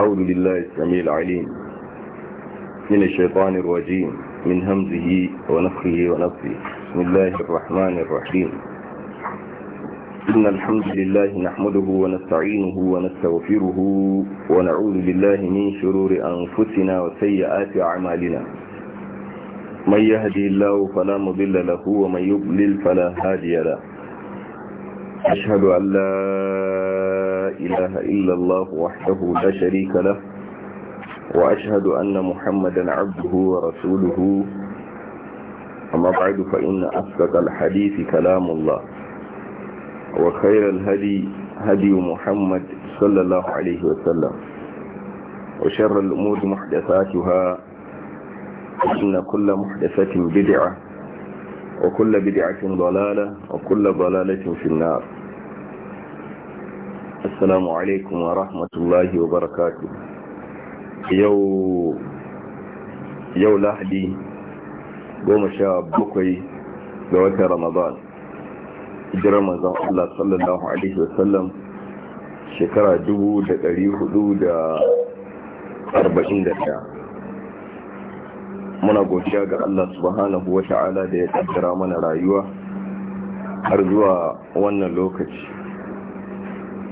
أعوذ بالله السميع العليم من الشيطان الرجيم من همزه ونفخه ونفخه بسم الله الرحمن الرحيم إن الحمد لله نحمده ونستعينه ونستغفره ونعوذ بالله من شرور أنفسنا وسيئات أعمالنا من يهدي الله فلا مضل له ومن يضلل فلا هادي له أشهد أن لا إله إلا الله وحده لا شريك له وأشهد أن محمدا عبده ورسوله أما بعد فإن أصدق الحديث كلام الله وخير الهدي هدي محمد صلى الله عليه وسلم وشر الأمور محدثاتها إن كل محدثة بدعة وكل بدعة ضلالة وكل ضلالة في النار السلام عليكم ورحمة wa barakatu. Yau Lahadi, goma sha bakwai ga watan ramadan hijirar manzan Allah sallallahu Alaihi wasallam shekara 441 muna godiya ga Allah subhanahu wa ta'ala da ya tattara mana rayuwa har zuwa wannan lokaci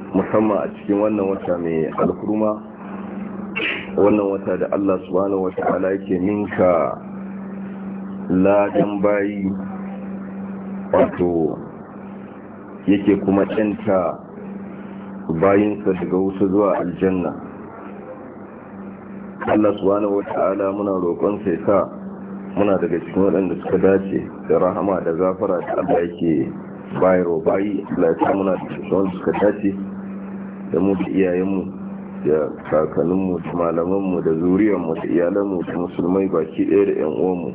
musamman a cikin wannan wata mai alkurma wannan wata da Allah subhanahu wa ta'ala yake ninka ladan bayi wato yake kuma kyanta bayinsa daga wasu zuwa aljanna Allah subhanahu wa ta'ala muna roƙon sai sa muna daga cikin waɗanda suka dace da rahama da zafara, da Allah yake bayarwa bayi Allah ya sa muna da cikin waɗanda suka dace da mu da iyayenmu da kakanninmu da malamanmu da zuriyarmu da iyalanmu da musulmai baki ɗaya da yan uwanmu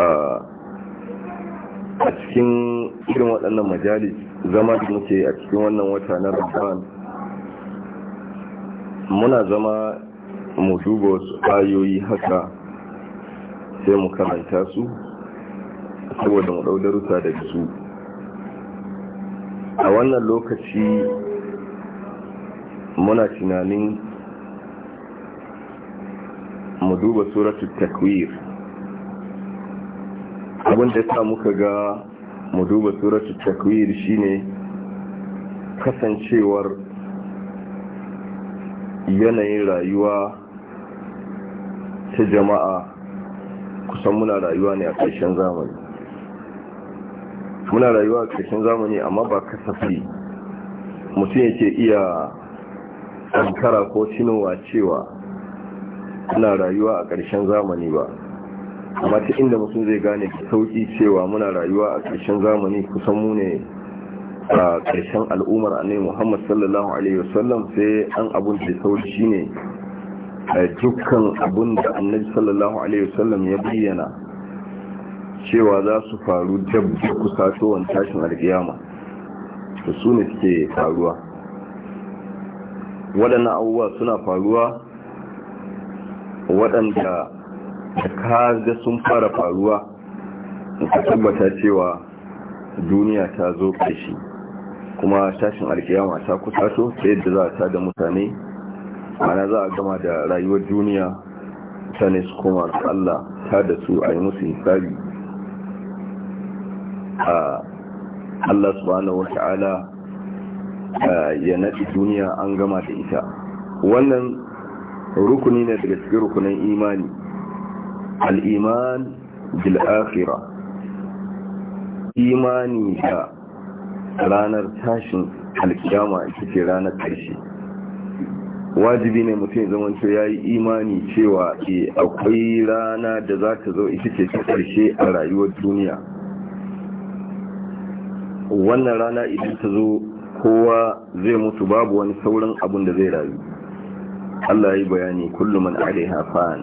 a cikin irin waɗannan majalis zama da muke a cikin wannan wata na ramadan muna zama mu duba wasu ayoyi haka sai mu karanta su saboda mu ɗau darussa da su a wannan lokaci muna tunanin mu duba suratu takwir abinda ya muka ga mu duba suratu takwir shine kasancewar yanayin rayuwa ta jama'a kusan muna rayuwa ne a ƙarshen zamani muna rayuwa a ƙarshen zamani amma ba kasafi mutum yake iya ankara ko cinowa cewa muna rayuwa a ƙarshen zamani ba amma ta inda mutum zai gane da sauƙi cewa muna rayuwa a ƙarshen zamani kusan mu ne a ƙarshen al'ummar nai muhammad sallallahu alaihi wasallam sai an abun da sauƙi a eh, dukkan abun da nai sallallahu alaihi wasallam ya bayyana cewa za su faru dab da kusatowar tashin alƙiyama su ne suke faruwa waɗannan abubuwa suna faruwa waɗanda da kaga sun fara faruwa ka tabbata cewa duniya ta zo kashi kuma tashin alkiyama ta kusato ta yadda za a ta da mutane mana za a gama da rayuwar duniya mutane su koma Allah ta dasu su a yi musu hisabi a ah, Allah subhanahu wa ta'ala ya naɗi duniya an gama da ita wannan rukuni ne daga cikin rukunan imani al'iman bil'afira imani da ranar tashin alkiyama ita ce ranar ƙarshe wajibi ne mutum zaman cewa ya yi imani cewa ke akwai rana da za ta zo ita ce ta ƙarshe a rayuwar duniya wannan rana idan ta zo kowa zai mutu babu wani sauran abun da zai rayu Allah yi bayani kullum man alaiha fan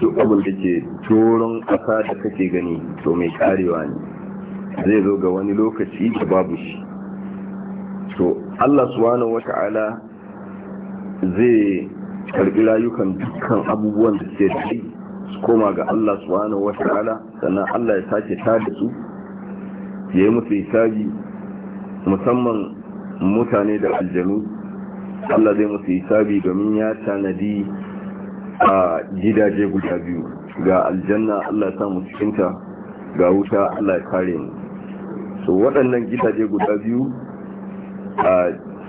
duk abin da ke doron ƙasa da kake gani to mai karewa ne zai zo ga wani lokaci da babu shi to Allah subhanahu wata'ala zai karbi layukan dukkan abubuwan da ke da su koma ga Allah subhanahu wata'ala sannan Allah ya sake tada su ya yi musu hisabi musamman mutane da aljanu Allah zai musu hisabi domin ya tanadi a gidaje guda biyu ga aljanna Allah ta mu cikinta ga wuta Allah ya kare mu so waɗannan gidaje guda biyu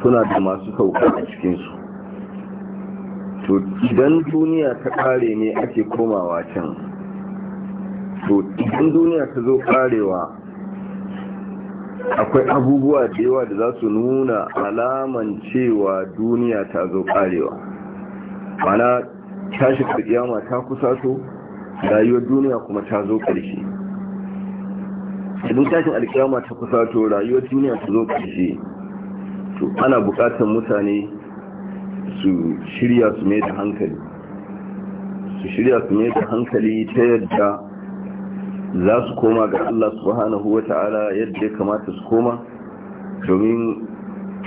suna da masu sauka a cikinsu to idan duniya ta kare ne ake komawa can to idan duniya ta zo karewa akwai abubuwa da yawa da za su nuna alaman cewa duniya ta zo karewa mana tashi kiyama ta to rayuwar duniya kuma ta zo ƙarshe idan tashin alkiyama ta to rayuwar duniya ta zo ƙarshe to ana buƙatar mutane su shirya su mai da hankali su shirya su mai da hankali ta yadda za su koma ga Allah subhanahu wa ta'ala yadda ya kamata su koma domin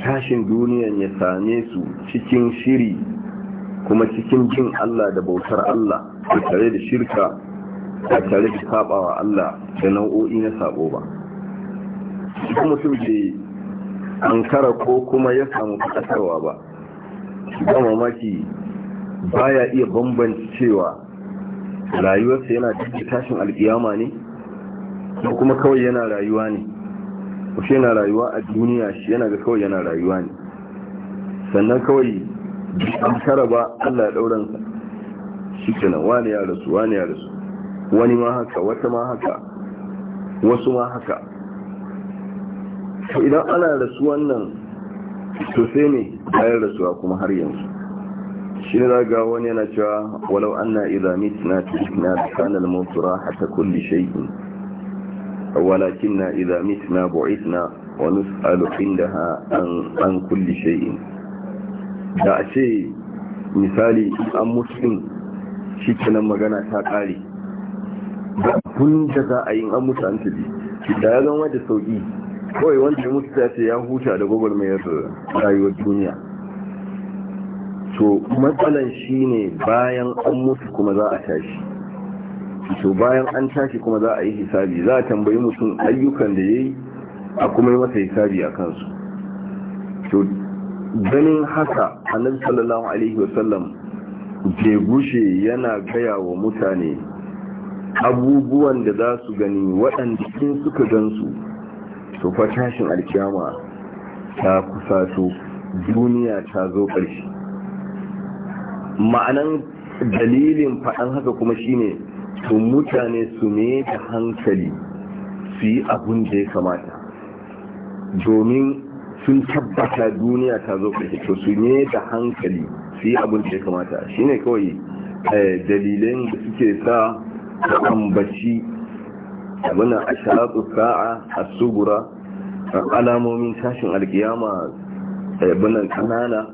tashin duniyan ya same su cikin shiri kuma cikin jin Allah da bautar Allah da tare da shirka da tare da kabawa Allah da nau'o'i na sabo ba shi mutum ke ankara ko kuma ya samu fadatarwa ba ba mamaki baya iya bambancewa rayuwarsa yana da tashin alkiyama ne ko kuma kawai yana rayuwa ne ko shi yana rayuwa a duniya shi yana ga kawai yana rayuwa ne sannan kawai an kara ba Allah ya dauransa shi kenan wani ya rasu wani ya rasu wani ma haka wata ma haka wasu ma haka to idan ana rasu wannan to sai ne bayan rasuwa kuma har yanzu shi ne ga wani yana cewa walau anna idza mitna tukna kana al-mautu rahata kulli shay'in walakinna idza mitna bu'ithna wani alufin da ha an kulli shaiki da a ce misali an mutu shi kanan magana ta kare da kun da za a yi an mutu an tabi da ya zama da sauki kawai wanda ya mutu ta ce ya huta da gwagwarmayar rayuwar duniya to matsalan ne bayan an mutu kuma za a tashi to bayan an tashi kuma za a yi hisabi za a tambayi mutum ayyukan da ya yi a kuma yi masa hisabi a kansu to ganin haka annabi sallallahu alaihi wasallam ke gushe yana gaya wa mutane abubuwan da za su gani waɗanda sun suka gansu to fa tashin alkiyama ta kusa to duniya ta zo ƙarshe ma'anan dalilin faɗan haka kuma shine to mutane su ne da hankali su yi abun da ya kamata domin sun tabbata duniya ta zo ƙarshe to su ne da hankali su yi abun da ya kamata shine kawai eh, dalilin da suke sa ambaci abin a sha'atu sa'a a sugura alamomin tashin alkiyama eh, abin kanana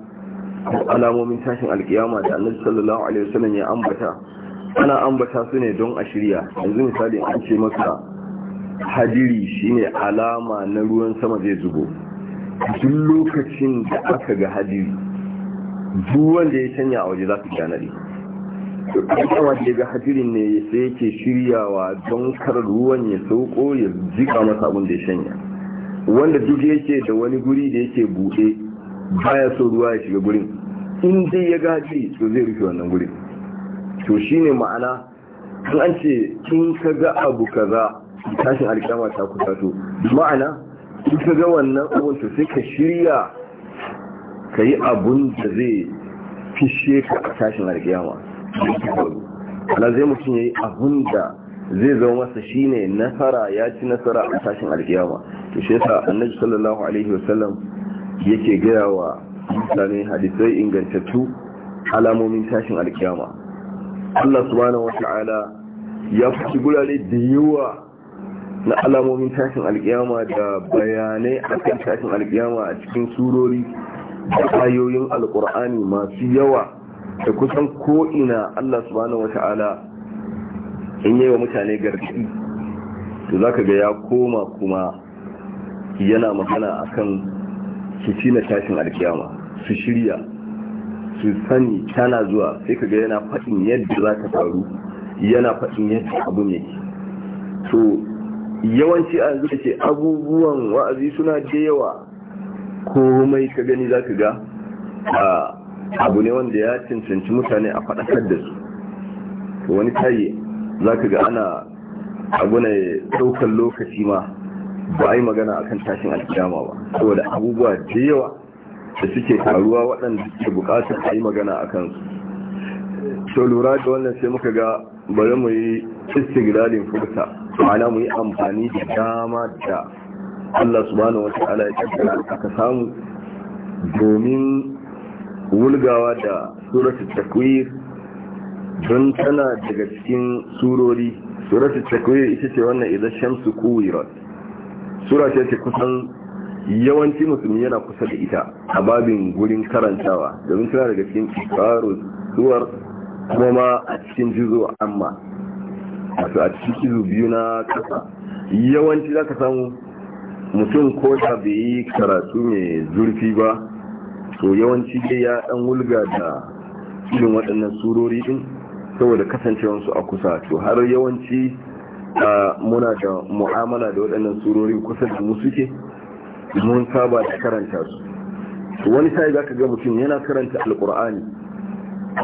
alamomin tashin alkiyama da annabi sallallahu alaihi wasallam ya ambata ana ambata su ne don a shirya yanzu misali an ce maka hadiri shine alama na ruwan sama zai zubo duk lokacin da aka ga hadiri duk wanda ya canya a waje za su to kuma da ga hadirin ne sai yake shiryawa don kar ruwan ya sauko ya jika masa abin da ya shanya wanda duk yake da wani guri da yake buɗe baya so ruwa ya shiga gurin in dai ya gaji to zai rufe wannan guri to shine ma'ana kan an ce kin ka ga abu kaza tashin alkama ta kusa to ma'ana in ka ga wannan abun to sai ka shirya ka yi abun da zai fishe ka a tashin alkama ana zai mutum ya yi abun da zai zama masa shine nasara ya ci nasara a tashin alkiyama to shi yasa annabi sallallahu alaihi wasallam yake gaya wa mutane hadisai ingantattu alamomin tashin alkiyama Allah subhanahu wata'ala ya fi gurare da yawa na alamomin tashin alkiyama da bayanai a kan tashin alkiyama a cikin surori da ayoyin alkur'ani masu yawa da kusan ko'ina Allah subhanahu wata'ala in yi wa mutane gargaɗi to za ka ga ya koma kuma yana magana akan su na tashin alkiyama su shirya su sani tana zuwa sai kaga yana faɗin yadda za ta faru yana faɗin yadda abu yake to yawanci a yanzu ce abubuwan wa'azi suna da yawa komai ka gani za ka ga abu ne wanda ya cancanci mutane a faɗakar da su to wani tayi za ka ga ana abu ne ɗaukar lokaci ma ba a yi magana akan tashin alkiyama ba saboda abubuwa da yawa da suke karuwa waɗanda suke bukatar a yi magana a kansu so lura da wannan sai muka ga bari mu yi gidalin furta ma'ana mu yi amfani da dama da Allah subhanahu ala ya kaddara aka samu domin wulgawa da suratul takwir don tana daga cikin surori suratul takwir ita ce wannan idan shamsu kuwirat sura ce kusan yawanci musulmi yana kusa da ita a babin gurin karantawa domin tana daga cikin tsaro suwar kuma a cikin jizo amma wato a cikin jizo biyu na kasa yawanci za ka samu mutum ko da bai yi karatu mai zurfi ba to yawanci dai ya dan wulga da cikin waɗannan surori din saboda kasancewansu a kusa to har yawanci muna da mu'amala da waɗannan surori kusa da mu suke mun saba da karanta su wani sai zaka ga mutum yana karanta alqur'ani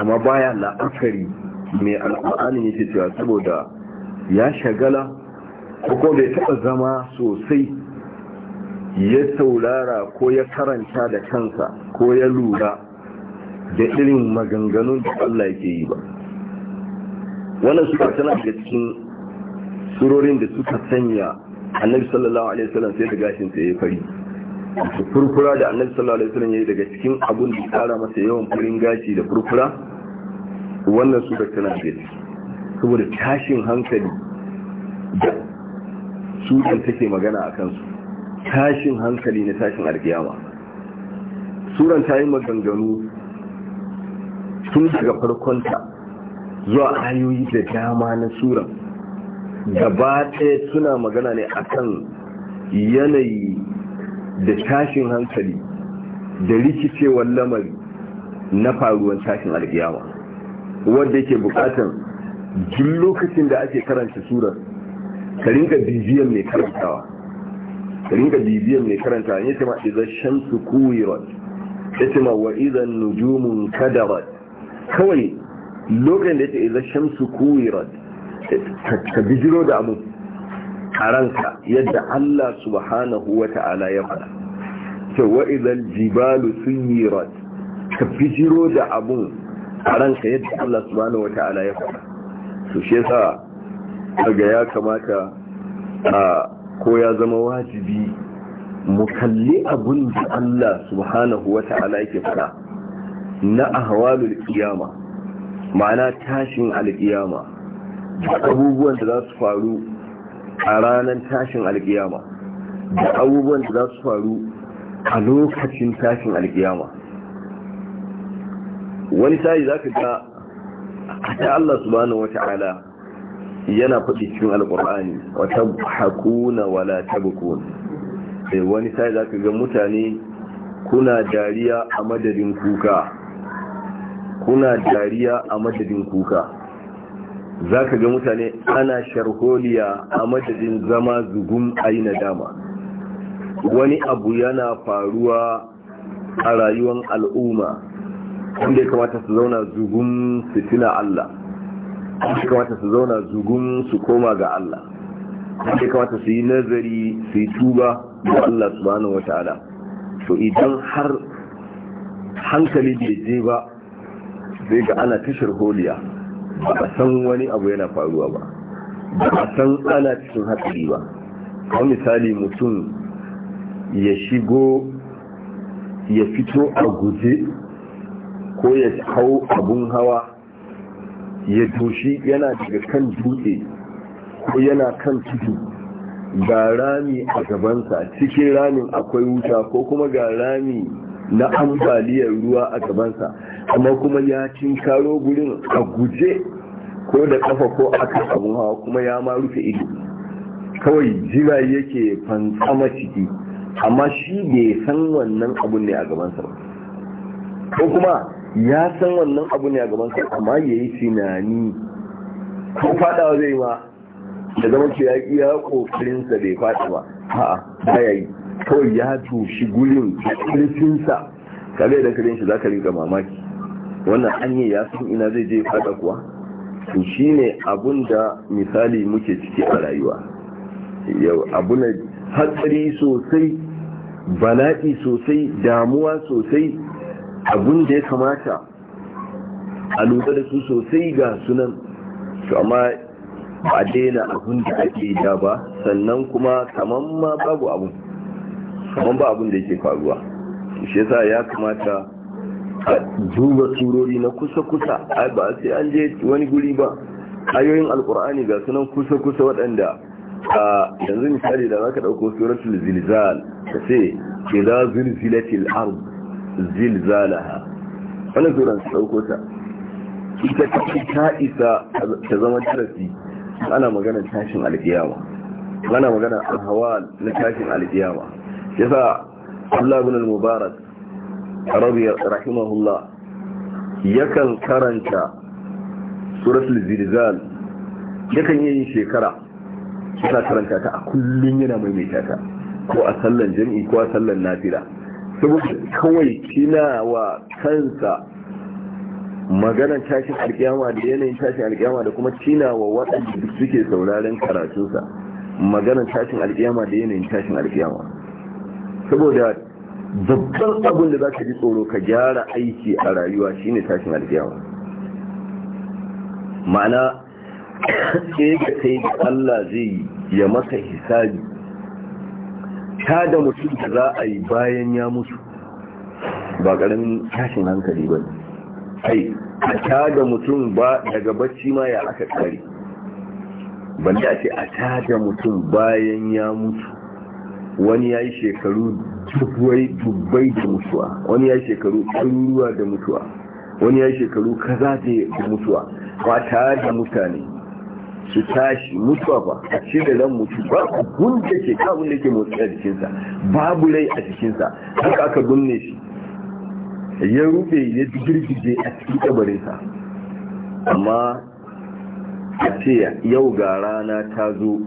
amma baya la'akari mai alqur'ani yake cewa saboda ya shagala ko bai taɓa zama sosai ya saurara ko ya karanta da kansa ko ya lura da irin maganganun da Allah yake yi ba wannan suka tana daga cikin surorin da suka sanya annabi sallallahu alaihi wasallam sai da gashin sa yayi fari furfura da annabi sallallahu alaihi wasallam yayi daga cikin abun da tsara masa yawan furin gashi da furfura wannan su da tana gani saboda tashin hankali da su da take magana a kansu tashin hankali na tashin alkiyama suran ta yi maganganu tun daga farkonta zuwa ayoyi da dama na suran gaba ɗaya suna magana ne akan yanayi da tashin hankali da rikicewar lamari na faruwar tashin alkiyawa wadda yake bukatan duk lokacin da ake karanta surar ka bibiyan mai karantawa karinka bibiyan mai karantawa ya ce ma su shamsu ya ce ma wa izan nujumun kadarar kawai lokacin da ya ce idan shamsu kuwirat ka bijiro da abu karanka yadda Allah subhanahu wa ta'ala ya faɗa cewa idan jibalu sun yi rat ka bijiro da abun karanka yadda Allah subhanahu wa ta'ala ya faɗa su shi sa daga ya kamata a ko ya zama wajibi mu kalli abun da Allah subhanahu wa ta'ala yake faɗa na ahwalul qiyama ma'ana tashin alqiyama abubuwan da za su faru a ranar tashin alkiyama da abubuwan da za su faru a lokacin tashin alkiyama wani sa'i za ka ga ta Allah subhanahu wa yana faɗi cikin alkur'ani wata hakuna wala tabukun sai eh, wani sai za ka ga mutane kuna dariya a madadin kuka kuna dariya a madadin kuka za ka ga mutane ana sharholiya a madadin zama zugun aina dama wani abu yana faruwa a rayuwar al'umma wanda ya kamata su zauna zugun su Allah wanda ya kamata su zauna zugun su koma ga Allah wanda ya kamata su yi nazari su yi tuba ga Allah bani wata ala. to idan har hankali bai je ba sai ga ana tashar holiya ba a san wani abu yana faruwa ba ba a san ana cikin hatsari ba kawo misali mutum ya shigo ya fito a guje ko ya hau abun hawa ya toshi yana daga kan dutse ko yana kan tudu ga rami a gabansa cikin ramin akwai wuta ko kuma ga rami na ambaliyar ruwa a gabansa amma kuma ya tinkaro gurin a guje ko da kafa ko aka abun hawa kuma ya ma rufe ido kawai jira yake fantsama ciki amma shi bai san wannan abun ne a gabansa ba ko kuma ya san wannan abu ne a gaban sa amma ya yi tunani ko fadawa zai ma da zama ce ya kokarin sa bai fadi ba a'a ba ya yi kawai ya tushi gurin sa. kare da kare shi za ka rika mamaki wannan anyi ya san ina zai je fada kuwa to shine abun da misali muke ciki a rayuwa yau abu na hatsari sosai bala'i sosai damuwa sosai abun da ya kamata a lura da su sosai ga sunan to amma ba daina abun da ake da ba sannan kuma kaman ma babu abun kaman ba abun da yake faruwa shi yasa ya kamata duba turori na kusa-kusa ba sai an je wani guri ba ayoyin alkur'ani ga sunan kusa-kusa waɗanda a yanzu misali da za ka ɗauko suratul zilzal ta ce ke za zilzilatil arz zilzalaha wani suran su ɗauko ta ita ta ta isa ta zama darasi ana magana tashin alkiyama ana magana alhawa na tashin Ya sa Allah ibn al-Mubarak rabiyar rahimahullah yakan karanta suratul zilzal yakan yi shekara yana karanta ta a kullum yana maimaita ta ko a sallan jami'i ko a sallan nafila saboda kawai kina wa kansa maganar tashin alkiyama da yanayin tashin alkiyama da kuma kina wa waɗanda duk suke sauraren karatunsa maganar tashin alkiyama da yanayin tashin alkiyama saboda babban abin da za ka ji tsoro ka gyara aiki a rayuwa shine tashin alkiyawa ma'ana ke ga sai da Allah zai ya maka hisabi ta da mutum da za a yi bayan ya mutu ba ƙaramin tashin hankali ba ai a ta da mutum ba daga bacci ma ya aka tsari banda a ce a ta da mutum bayan ya mutu wani ya yi shekaru dubbai dubbai da mutuwa wani ya shekaru ɗaruruwa da mutuwa wani ya shekaru kaza da mutuwa ba mata da mutane su tashi mutuwa ba a da zan mutu ba a gunda ke kawun da ke motsi a jikinsa babu rai a jikinsa haka aka gunne shi ya rufe ya girgije a cikin kabarinsa amma a ce yau ga rana ta zo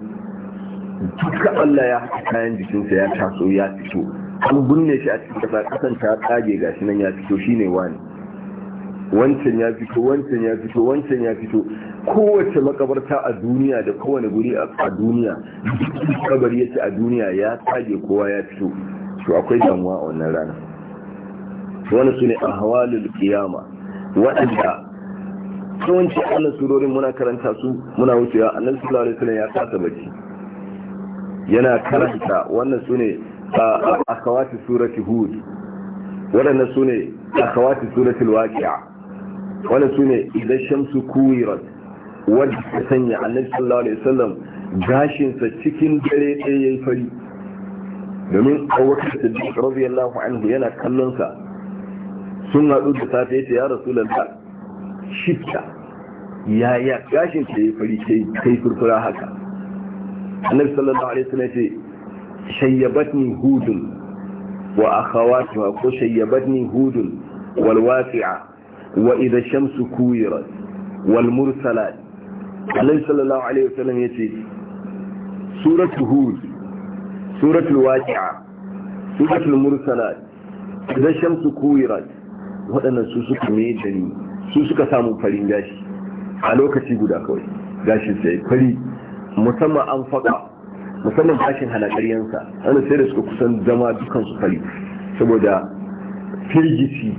duka Allah ya haka kayan jikinsa ya taso ya fito an binne shi a cikin kasa kasan ta tsage shi nan ya fito shi ne wani wancan ya fito wancan ya fito wancan ya fito kowace makabarta a duniya da kowane guri a duniya kabari ce a duniya ya tsage kowa ya fito to akwai damuwa a wannan rana wani su ne a hawalul kiyama waɗanda yawanci annan surorin muna karanta su muna wucewa annan sulalai suna ya kasa bacci yana karanta wannan su ne a kawati surati hud waɗannan su ne a kawati surati waƙi'a wanda su ne idan shamsu kuwirat wadda ta sanya annabi sallallahu alaihi wasallam gashinsa cikin dare ɗaya ya yi fari domin abubakar siddiq radiyallahu anhu yana kallon sa sun haɗu da safe yace ya rasu rasulullah shitta ya ya gashin ta yi fari ta yi furfura haka annabi sallallahu alaihi wasallam yace shayyabatni hudun wa akhawatuha ko shayyabatni hudun wal waqi'a wa idha shamsu kuwirat wal mursalat Allah sallallahu alaihi wasallam yace suratul hud suratul waqi'a suratul mursalat idha shamsu kuwirat wadannan su suka me dani su suka samu farin gashi a lokaci guda kawai gashin sai fari musamman an faka musamman tashin halakariyansa wani sai da suka kusan zama dukan su fali saboda firgici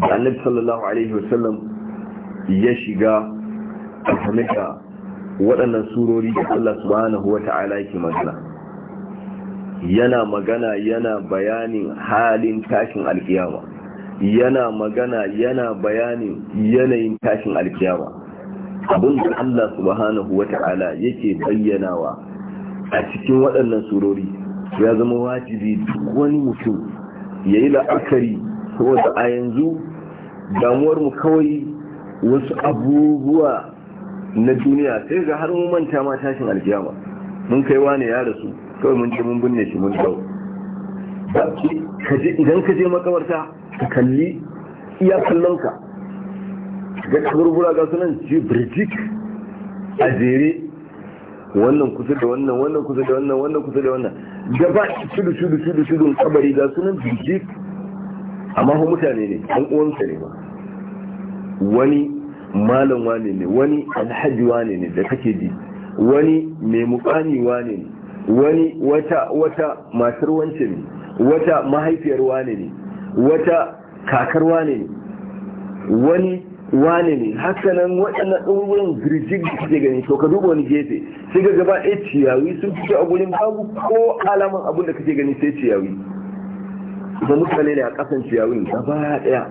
da annabi sallallahu alaihi wasallam ya shiga a game da waɗannan surori da Allah subhanahu wa ta'ala yake magana yana magana yana bayanin halin tashin alkiyama yana magana yana bayanin yanayin tashin alkiyama abin da Allah subhanahu wa ta'ala yake bayyanawa a cikin waɗannan surori ya zama wajibi duk wani mutum ya yi la'akari saboda a yanzu damuwar mu kawai wasu abubuwa na duniya sai ga har mu manta ma tashin alkiyama mun kai wani ya rasu kawai mun je mun binne shi mun dawo idan ka je makabarta ka kalli iya kallonka ga kaburbura ga sunan jibrijik a jere wannan kusa da wannan wannan kusa da wannan wannan kusa da wannan gaba shudu shudu shudu shudu kabari ga sunan jijjik amma hu mutane ne an uwansa ne ba wani malam wane ne wani alhaji wane ne da kake ji wani mai mukami wane ne wani wata wata matar wance ne wata mahaifiyar wane ne wata kakar wane ne wani wane ne haka nan waɗannan ɗungurin girgin da suke gani to ka duba wani gefe sai ga gaba ɗaya ciyawi sun fito a gurin babu ko alaman abin da kake gani sai ciyawi da mutane ne a ƙasan ciyawin gaba ɗaya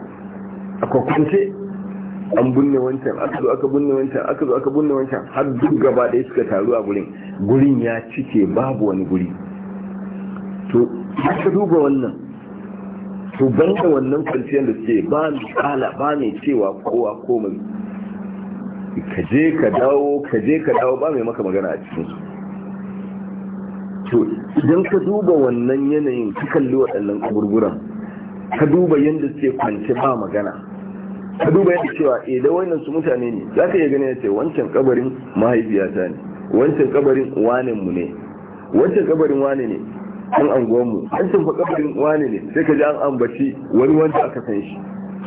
a kwakwance an bunne wancan aka zo aka bunne wancan aka zo aka bunne wancan har duk gaba ɗaya suka taru a gurin gurin ya cike babu wani guri to ka duba wannan to ban da wannan kwanciyar da ce ba mai kala ba mai cewa kowa komai ka je ka dawo kaje ka dawo ba mai maka magana a cikin su to idan ka duba wannan yanayin ka kalli waɗannan kaburburan ka duba yadda suke kwanci ba magana ka duba yadda cewa eh da wannan su mutane ne za ka iya ganin ya ce wancan kabarin mahaifiyata ne wancan kabarin wanen mu ne wancan kabarin wane ne an mu. an sun fa kabarin wani ne sai ka ji an ambaci wani wanda aka san shi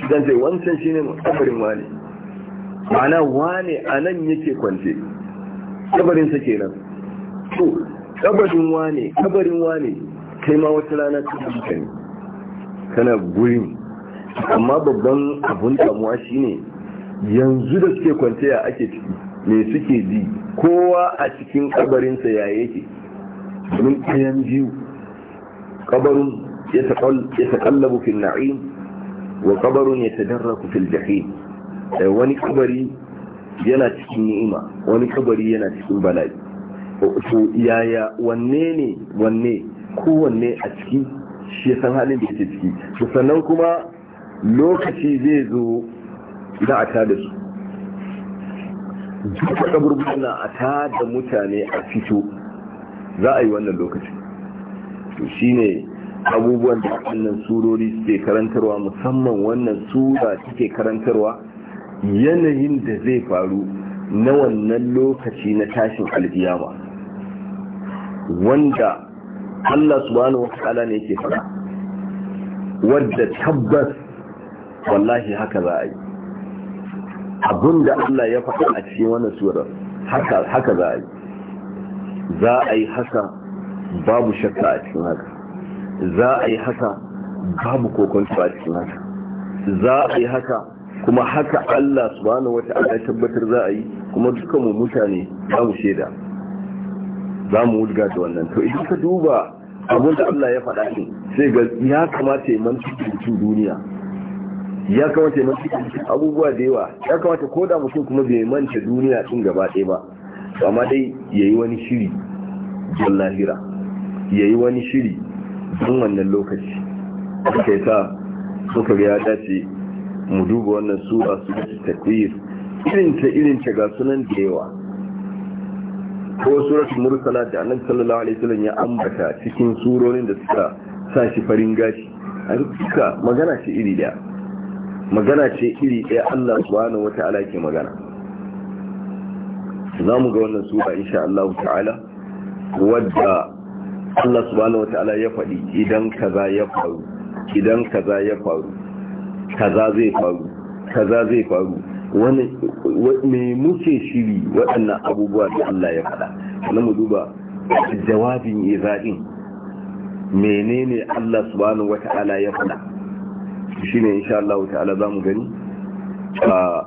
dan sai wancan shine kabarin wani ma'ana wani anan yake kwance kabarin sa kenan to kabarin wani kabarin wani kai ma wata rana ka ne kana gurin amma babban abun damuwa shine yanzu da suke kwance ya ake ciki me suke ji kowa a cikin sa ya yake domin ɗayan biyu قبر يتقلب في النعيم وقبر يتدرك في الجحيم wani kabari yana cikin ni'ima wani kabari yana cikin bala'i to yaya wanne ne wanne Ko wanne a ciki shi ya san halin da ke ciki to sannan kuma lokaci zai zo na a tada su duka kaburbunan a tada mutane a fito za a yi wannan lokacin. to shine abubuwan da wannan surori suke karantarwa musamman wannan sura suke karantarwa yanayin da zai faru na wannan lokaci na tashin alkiyama wanda Allah subhanahu wa ta'ala ne yake fara wadda tabbas wallahi haka za a yi abinda Allah ya faɗa a cikin wannan surar haka za a yi za a yi haka babu shakka a cikin haka za a yi haka babu kokonto a cikin haka za a yi haka kuma haka Allah subhanahu wata'ala ya tabbatar za a yi kuma dukkan mu mutane za mu shaida za mu wulga da wannan to idan ka duba abin da Allah ya faɗa shi sai ga ya kamata ya manci cikin duniya ya kamata ya manci abubuwa da yawa ya kamata ko da mutum kuma bai manta duniya din gaba ɗaya ba amma dai yayi wani shiri don lahira ya yi wani shiri sun wannan lokaci suka yi sa suka ga ya dace mu duba wannan sura su da ta, irinta irinta ga sunan da yawa ko surat murtala da annabi sallallahu alaihi wasallam ya ambata cikin surorin da suka sa shi farin gashi a duka magana ce iri daya magana ce iri daya Allah subhanahu wataala ke magana za mu ga wannan sura insha Allah ta'ala wadda Allah subhanahu wata'ala ya faɗi idan kaza ya faru idan kaza ya faru kaza zai faru kaza zai faru wani me muke shiri waɗannan abubuwa da Allah ya faɗa sannan mu duba jawabin iza'in menene Allah subhanahu wata'ala ya faɗa shine insha Allah ta'ala zamu gani a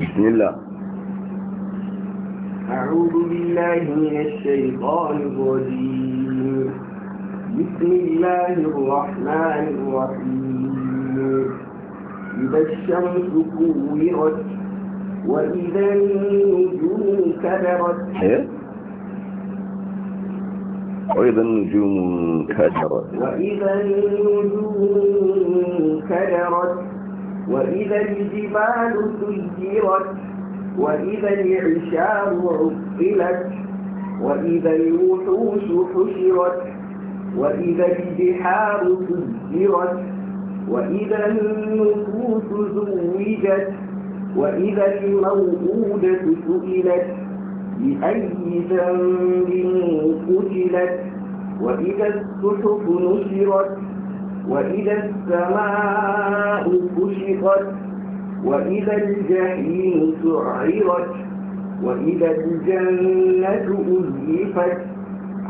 bismillah أعوذ بالله من الشيطان الرجيم بسم الله الرحمن الرحيم إذا الشمس كورت وإذا النجوم كدرت إيه؟ وإذا النجوم كدرت وإذا النجوم كدرت وإذا الجبال سيرت وإذا العشار عطلت وإذا الوحوش حشرت وإذا البحار سجرت وإذا النفوس زوجت وإذا الموءودة سئلت بأي ذنب قتلت وإذا الصحف نشرت وإذا السماء كشطت وإذا الجحيم سعرت وإذا الجنة أزلفت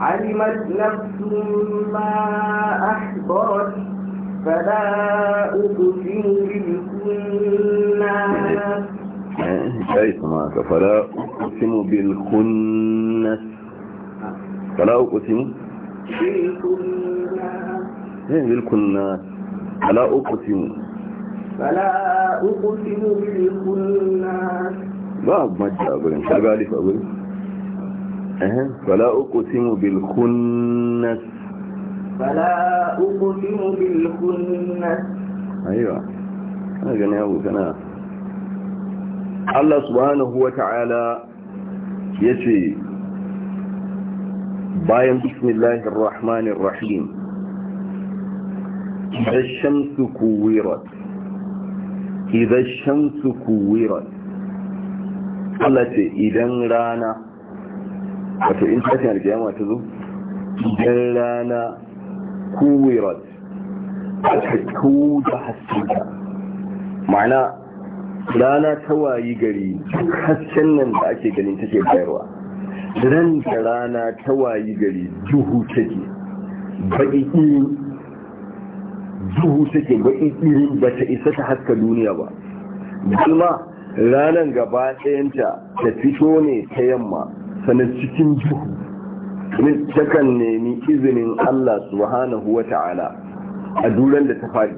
علمت نفس ما أحضرت فلا أقسم بالكنس شايف معك فلا أقسم بالكنس فلا أقسم بالكنس بالكنس فلا أقسم فلا أقسم بالكنس باب مجد أقول إن شاء الله أقول أه؟ فلا أقسم بالخنس فلا أقسم بالخنس أيوة أنا جنيه أنا الله سبحانه وتعالى يسي باين بسم الله الرحمن الرحيم إذا الشمس كورت إذا الشمس كورت قالت إذا رانا wato in tashin alkiyama ta zo idan rana kuwirat aka da haskenta ma'ana rana ta wayi gari hasken nan da ake ganin take bayarwa ran da rana ta wayi gari duhu take baƙi ɗin duhu take baƙi ɗin ba ta isa ta haska duniya ba kuma ranar gaba ɗayanta ta fito ne ta yamma sannan cikin duhu takan nemi izinin Allah subhanahu wa ta'ala a duran da ta faɗi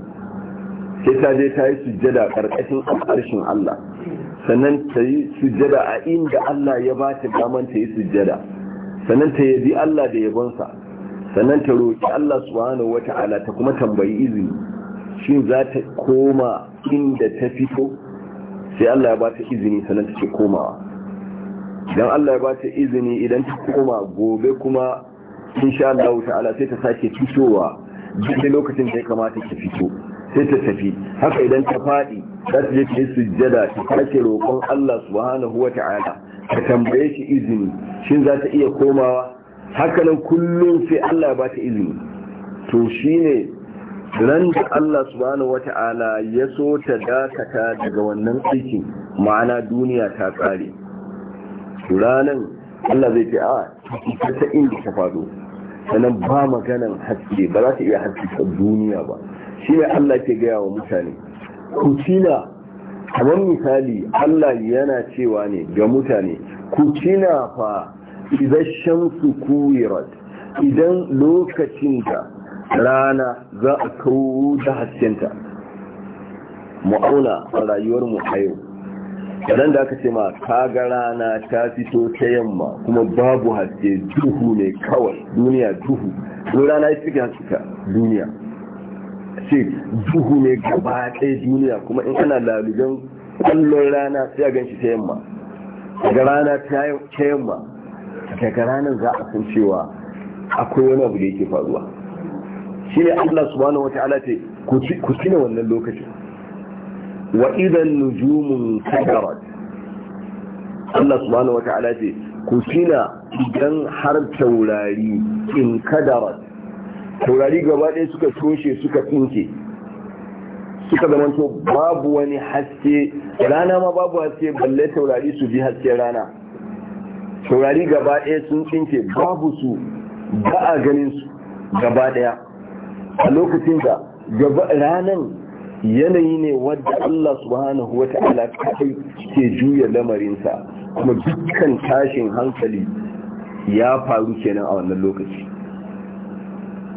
sai ta je ta yi sujjada ƙarƙashin ƙarshen Allah sannan ta yi sujjada a inda Allah ya ba ta daman ta yi sujjada sannan ta yabi Allah da yabonsa sannan ta roƙi Allah subhanahu wa ta'ala ta kuma tambayi izini shin za ta koma inda ta fito sai Allah ya ba ta izini sannan ta ce komawa idan Allah ya bata izini idan ta koma gobe kuma insha Allah ta'ala sai ta sake fitowa duk lokacin da ya kamata ta fito sai ta tafi haka idan ta faɗi za ta je ta sujjada ta sake roƙon Allah subhanahu wa ta tambaye shi izini shin za ta iya komawa haka nan kullum sai Allah ya bata izini to shine nan da Allah subhanahu wa ya so ta dakata daga wannan aikin ma'ana duniya ta tsare. ranan Allah zai ce a ta ta inda ta faɗo sannan ba maganan haske ba za ta iya haske duniya ba shi ne Allah ke gaya wa mutane ku cina kamar misali Allah yana cewa ne ga mutane ku cina fa idan shamsu kuwirat idan lokacin da rana za a kawo da haskenta mu'auna a rayuwar mu a yau kadan da aka ce ma ka gara rana ta fito ta yamma kuma babu haske duhu ne kawai duniya duhu ko rana ya cikin haskaka duniya ce duhu ne gaba ɗaya duniya kuma in ana lalugan kwallon rana sai a ganshi ta yamma gara rana ta yamma daga ranar za a san cewa akwai wani abu da yake faruwa shi ne allah subhanahu wa ta'ala ce ku tuna wannan lokacin wa idan nujumun kadarat Allah subhanahu wata ce ku shina idan har taurari in kadarar taurari gaba ɗaya suka toshe suka tsinke suka zamanto babu wani haske rana ma babu haske balle taurari su bi haske rana taurari gaba ɗaya sun tsinke babu su ba a ganin su gaba ɗaya a lokacin da ranan yanayi ne wadda Allah subhanahu wata'ala kai ke juya lamarinsa kuma dukkan tashin hankali ya faru kenan a wannan lokaci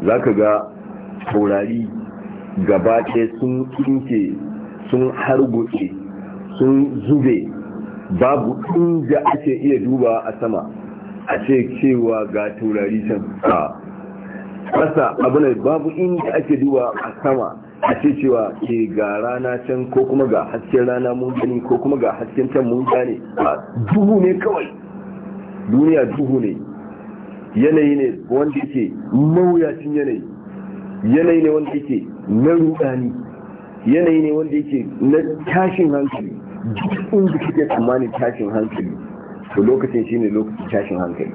za ka ga taurari gaba sun kinke sun hargutse sun zube babu inda ake iya duba a sama a ce cewa ga taurari can a ƙasa ne babu inda ake duba a sama a ce cewa ke eh, ga rana can ko kuma ga hasken rana mun gani ko kuma ga hasken can mun gane a duhu ne kawai duniya duhu ne yanayi ne wanda yake mawuyacin yanayi yanayi ne wanda yake na rudani yanayi ne wanda yake na tashin hankali duk inda kake tsammani tashin hankali to lokacin shine lokacin tashin hankali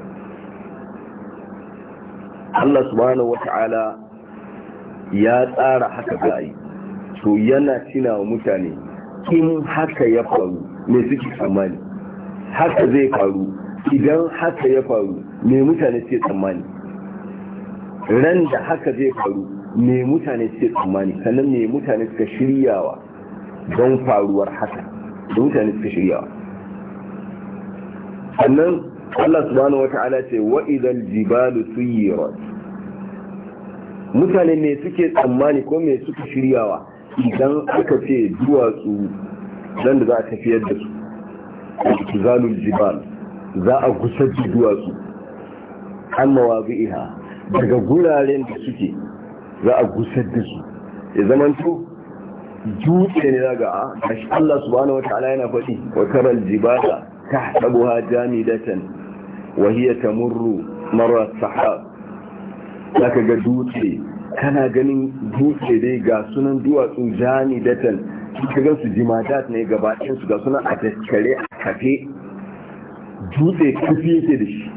Allah subhanahu ta'ala ya tsara haka za a yi to yana tina wa mutane in haka ya faru me suke tsammani haka zai faru idan haka ya faru me mutane suke tsammani ran da haka zai faru me mutane suke tsammani sannan me mutane suka shiryawa don faruwar haka da mutane suka shiryawa sannan Allah subhanahu Ta'ala ce wa idan jibalu suyirat mutane ne suke tsammani ko me suka shiryawa idan aka ce duwatsu don da za a tafiyar da su zanul jibal za a gusar da duwatsu an mawazi'iha daga guraren da suke za a gusar da su ya zamanto dutse ne daga a kashi Allah subhanahu wata'ala yana faɗi wa karal jibala tahsabuha jamidatan wa hiya tamurru marar sahab za ka ga dutse kana ganin dutse dai ga sunan duwatsu jani datan ka gan su jimadat ne gaba su ga sunan a daskare a kafe dutse kafi yake da shi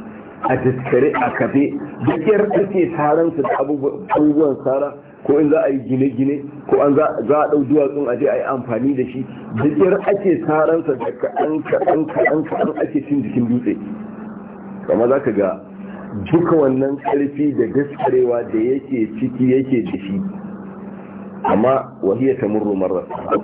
a daskare a kafe duk yar take taron su da abubuwan tsara ko in za a yi gine-gine ko an za a ɗau duwatsun aje a yi amfani da shi duk yar ake taron sa da kaɗan kaɗan kaɗan kaɗan ake cin jikin dutse kama za ka ga duka wannan ƙarfi da daskarewa da yake ciki yake da shi amma wahiyar ta murru marasa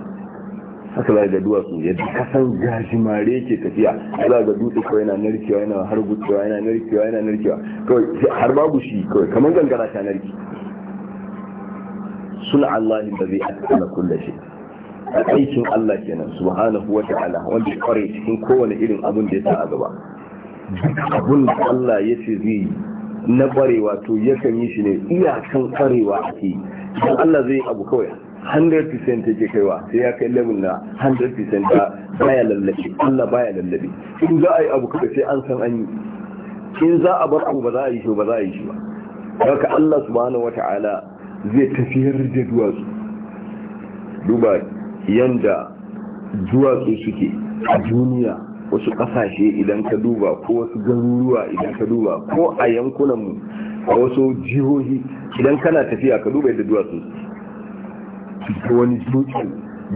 haka za ga duwatsu yadda kasan gajimare ke tafiya za ga dutse kawai yana narkewa yana har gutsewa yana narkewa yana narkewa kawai har babu shi kawai kamar gangara ta narki suna Allah da zai asana kulle shi aikin Allah kenan subhanahu wa ta'ala wanda ya kware cikin kowane irin abin da ya sa a gaba abun da Allah ya ce zai yi na barewa to yakan yi shi ne iyakan barewa ake don Allah zai abu kawai 100% take kaiwa sai ya kai level na 100% da baya lallabe Allah baya lallabe in za a yi abu kawai sai an san an yi in za a bar abu ba za a yi shi ba za a yi shi ba haka Allah subhanahu wata'ala zai tafiyar da duwatsu duba yanda duwatsu suke a duniya wasu kasashe idan ka duba ko wasu garuruwa idan ka duba ko a yankunanmu a wasu jihohi idan kana tafiya ka duba yadda duwatsu ta wani dutse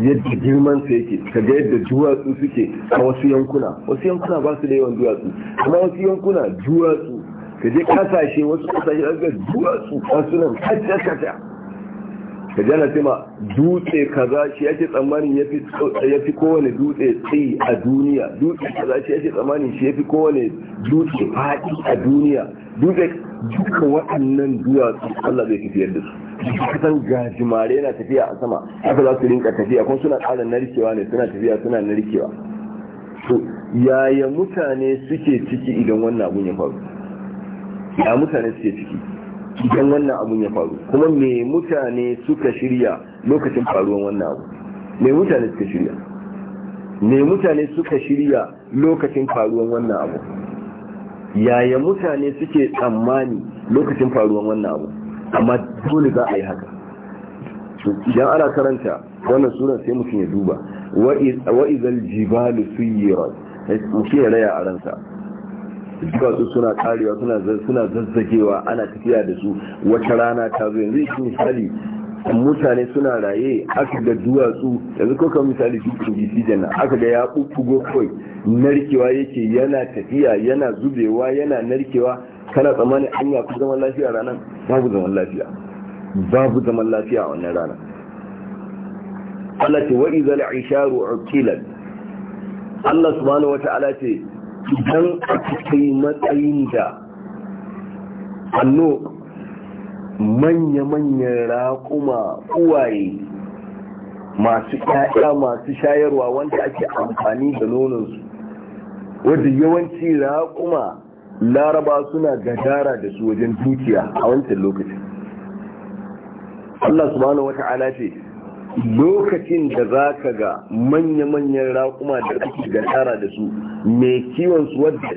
yadda girman sa yake ka ga yadda duwatsu suke a wasu yankuna wasu yankuna ba su da yawan duwatsu amma wasu yankuna duwatsu ka je kasashe wasu kasashe ga duwatsu kasunan kacce kacce ka jana ce ma dutse kaza shi yake tsammanin ya fi kowane dutse tsayi a duniya dutse kaza shi yake tsammanin shi ya fi kowane dutse faɗi a duniya dutse duka waɗannan duwatsu Allah zai tafiyar da su kasan gajimare yana tafiya a sama haka za su rinka tafiya kuma suna ƙara narkewa ne suna tafiya suna narkewa to yaya mutane suke ciki idan wannan abun ya faru ya mutane suke ciki idan wannan abun ya faru kuma me mutane suka shirya lokacin faruwan wannan abu me mutane suka shirya me mutane suka shirya lokacin faruwan wannan abu yaya mutane suke tsammani lokacin faruwan wannan abu amma dole za a yi haka idan ana karanta wannan suran sai mutum ya duba wa izal jibalu suyirat mutum ya raya a ransa duwatsu suna karewa suna zazzagewa ana tafiya da su wata rana ta zo yanzu shi misali mutane suna raye aka ga duwatsu yanzu ko kan misali dukkan bc jana aka ga ya ɓuɓɓugo kawai narkewa yake yana tafiya yana zubewa yana narkewa kana tsammanin an yafi zaman lafiya ranar babu zaman lafiya babu zaman lafiya a wannan rana Allah ce wa izal isharu uqilat Allah subhanahu ala ce idan aka kai matsayin da hannu manya-manyan raƙuma uwaye masu ƙaƙa masu shayarwa wanda ake amfani da nononsu wadda yawanci raƙuma laraba suna gadara da su wajen dukiya a wancan lokacin Allah subhanahu wa ta'ala ce lokacin da za ka ga manya-manyan raƙuma da ake gantara da su mai kiwon su wadda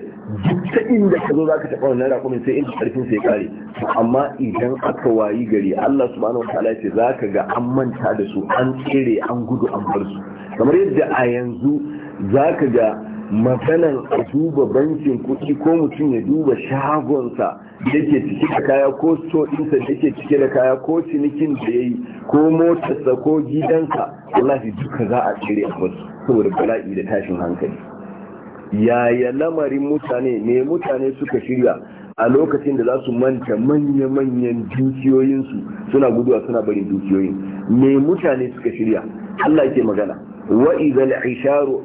duk ta inda ka zo za ka taɓa wannan raƙumin sai inda ƙarfin sai kare amma idan aka wayi gari Allah subhanahu wata ce za ka ga an manta da su an tsere an gudu an bar su kamar yadda a yanzu za ka ga maganan a duba bankin kuɗi ko mutum ya duba shagonsa da ke cike da kaya ko soɗinsa da ke cike da kaya ko cinikin da ya yi ko motarsa ko gidansa wallahi duka za a tsere a wasu saboda bala'i da tashin hankali yaya lamarin mutane ne mutane suka shirya a lokacin da za su manta manya-manyan dukiyoyinsu suna guduwa suna barin dukiyoyin me mutane suka shirya Allah ke magana wa idal isharu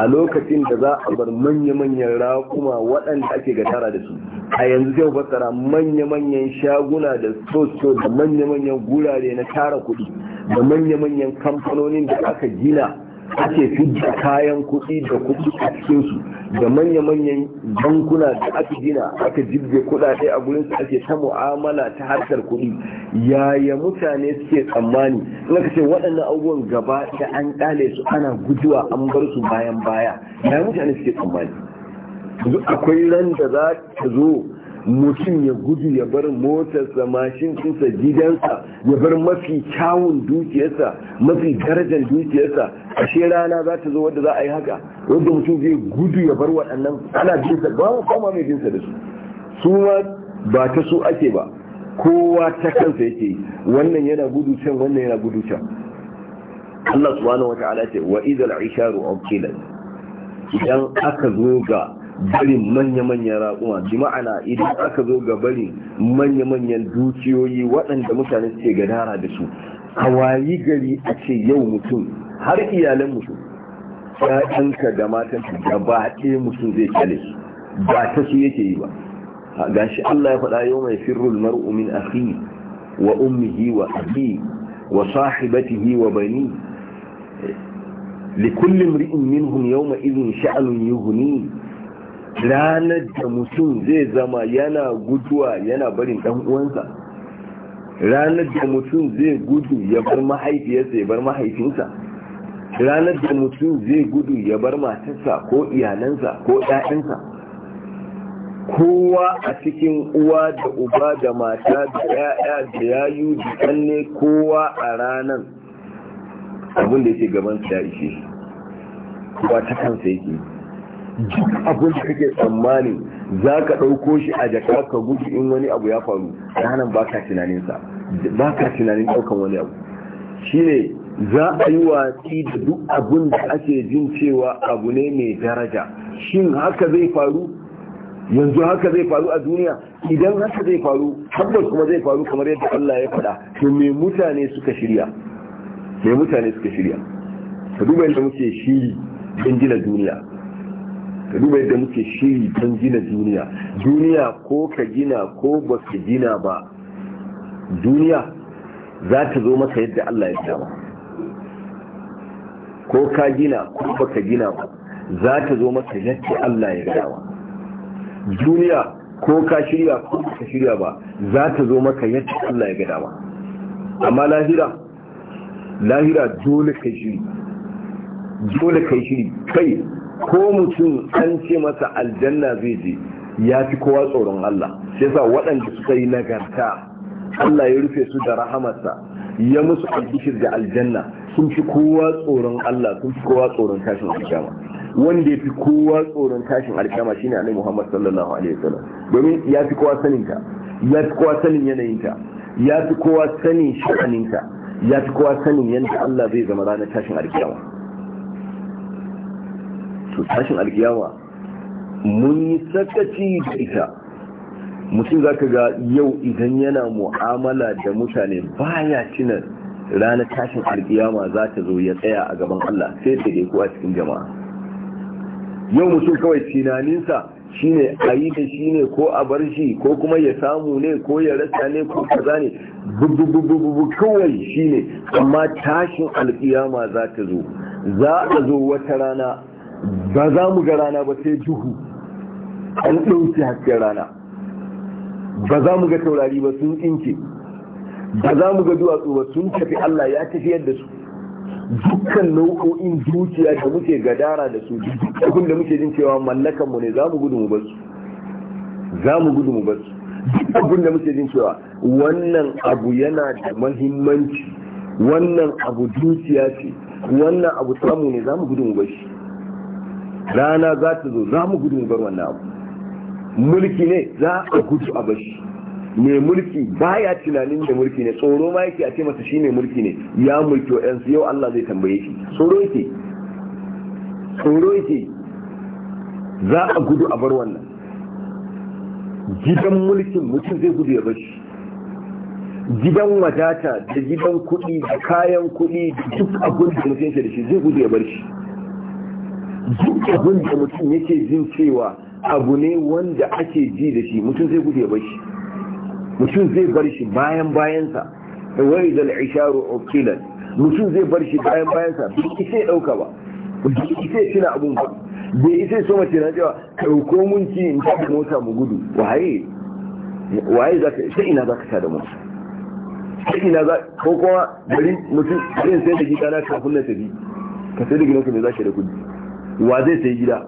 a lokacin da za a bar manya-manyan raƙuma waɗanda ake ga tara da su a yanzu sai fassara manya-manyan shaguna da soso da manya-manyan gurare na tara kuɗi da manya-manyan kamfanonin da aka gina ake fidda kayan kuɗi da kuɗi a cikinsu da manya-manyan bankuna da aka gina aka jibge kuɗaɗe a gurin su ake ta mu'amala ta harkar kuɗi yaya mutane suke tsammani in ka ce waɗannan abubuwan gaba da an ƙale su ana gujewa an bar su bayan baya yaya mutane suke tsammani duk akwai ran da za ta zo mutum ya gudu ya bar motarsa mashin kusa gidansa ya bar mafi kyawun dukiyarsa mafi darajar dukiyarsa shi rana za ta zo wadda za a yi haka wadda mutum zai gudu ya bar waɗannan ana jinsa ba mu kama mai jinsa da su su ma ba ta su ake ba kowa ta kansa yake yi wannan yana gudu can wannan yana gudu can Allah subhanahu wa ta'ala ce wa idal isharu uqilat idan aka zo ga barin manya-manyan raƙuma bi ma'ana idan aka zo ga barin manya-manyan dukiyoyi waɗanda mutane suke gadara da su a wayi gari a ce yau mutum har iyalan mutum ɗanka da matanka gaba ɗaya mutum zai kyale su ba ta su yake yi ba Ga shi Allah ya faɗa yau mai firrul mar'u min akhi wa ummihi wa abi wa sahibatihi wa bani لكل امرئ منهم يومئذ شأن يغنيه ranar da mutum zai zama yana guduwa yana barin ɗan'uwansa uwansa ranar da mutum zai gudu ya bar mahaifiyarsa ya bar mahaifinsa ranar da mutum zai gudu ya bar matarsa ko iyalansa ko ɗayansa kowa a cikin uwa da uba da mata da ya'ya da yayu da kanne kowa a ranar abin yake gabansa ya ishe kowa ta kansa yake duk abin da kake tsammani za ka ɗauko shi a jaka ka gudu in wani abu ya faru ranar ba ka tunaninsa ba ka tunanin ɗaukan wani abu shi ne za a yi watsi da duk abin da ake jin cewa abu ne mai daraja shin haka zai faru yanzu haka zai faru a duniya idan haka zai faru tabbas kuma zai faru kamar yadda Allah ya faɗa to me mutane suka shirya me mutane suka shirya ka duba yadda muke shiri don gina duniya ka duba yadda muke shiri don gina duniya duniya ko ka gina ko ba ka gina ba duniya za ta zo maka yadda Allah ya dama ko ka gina ko ba ka gina ba za ta zo maka yadda Allah ya dama duniya ko ka shirya ko ba ka shirya ba za ta zo maka yadda Allah ya dama amma lahira lahira dole kai shiri dole kai shiri kai ko mutum an ce masa aljanna zai je ya fi kowa tsoron Allah sai sa waɗanda suka yi nagarta Allah ya rufe su da rahamarsa ya musu albishir da aljanna sun fi kowa tsoron Allah sun fi kowa tsoron tashin alkama wanda ya fi kowa tsoron tashin alkama shine annabi Muhammad sallallahu alaihi wasallam domin ya fi kowa sanin ka, ya fi kowa sanin yanayin ta ya fi kowa sanin sha'anin ta ya fi kowa sanin yanda Allah zai zama ranar tashin alkama to tashin alkiyama mun yi sakaci da ita mutum za ka ga yau idan yana mu'amala da mutane baya cinar ranar tashin alkiyama za ta zo ya tsaya a gaban Allah sai da ko a cikin jama'a yau mutum kawai tunaninsa shine a yi da shi ne ko a bar shi ko kuma ya samu ne ko ya rasa ne ko kaza ne bububububu kawai ne amma tashin alkiyama za ta zo za a zo wata rana ba za mu ga rana ba sai juhu an ɗauki hasken rana ba za mu ga taurari ba sun tsinke ba za mu ga duwatsu ba sun tafi Allah ya tafiyar da su dukkan nau'o'in zuciya da muke gadara da su dukkan da muke jin cewa mallakan mu ne za mu gudu mu bar su za mu gudu mu bar su dukkan da muke jin cewa wannan abu yana da muhimmanci. wannan abu zuciya ce wannan abu samu ne za mu gudu mu bar shi rana za ta zo za mu gudu bar wannan abu mulki ne za a gudu a bashi mai mulki baya tunanin da mulki ne tsoro ma yake a ce masa shi mai mulki ne ya mulki wa yansu yau Allah zai tambaye shi tsoro yake tsoro yake za a gudu a bar wannan gidan mulkin mutum zai gudu ya bashi gidan wadata da gidan kuɗi da kayan kuɗi da duk abin da mutum da shi zai gudu ya bar shi duk abin da mutum yake jin cewa abu ne wanda ake ji da shi mutum zai gudu ya bar shi mutum zai bar shi bayan bayansa wani da al'isharu uqilan mutum zai bar shi bayan bayansa duk isa ya dauka ba duk isa ya tuna abun ba bai isai so mace na cewa dauko mun ci in mota mu gudu waye waye zaka sai ina zaka ta da mu sai ina za ko kuma bari mutum bari sai da gidana kafin na tafi ka sai da gidanka me zaka da kudi wa zai sai gida